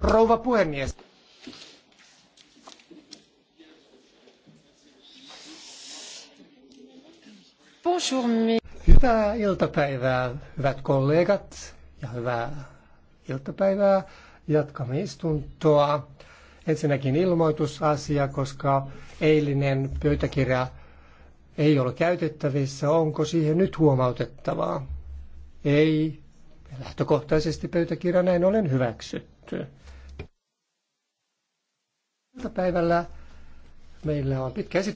Rouva puhemies. Hyvää iltapäivää, hyvät kollegat ja hyvää iltapäivää. Jatkamme istuntoa. Ensinnäkin ilmoitusasia, koska eilinen pöytäkirja ei ole käytettävissä. Onko siihen nyt huomautettavaa? Ei. Lähtökohtaisesti pöytäkirja näin olen hyväksytty. Päivällä meillä on pitkä esitys.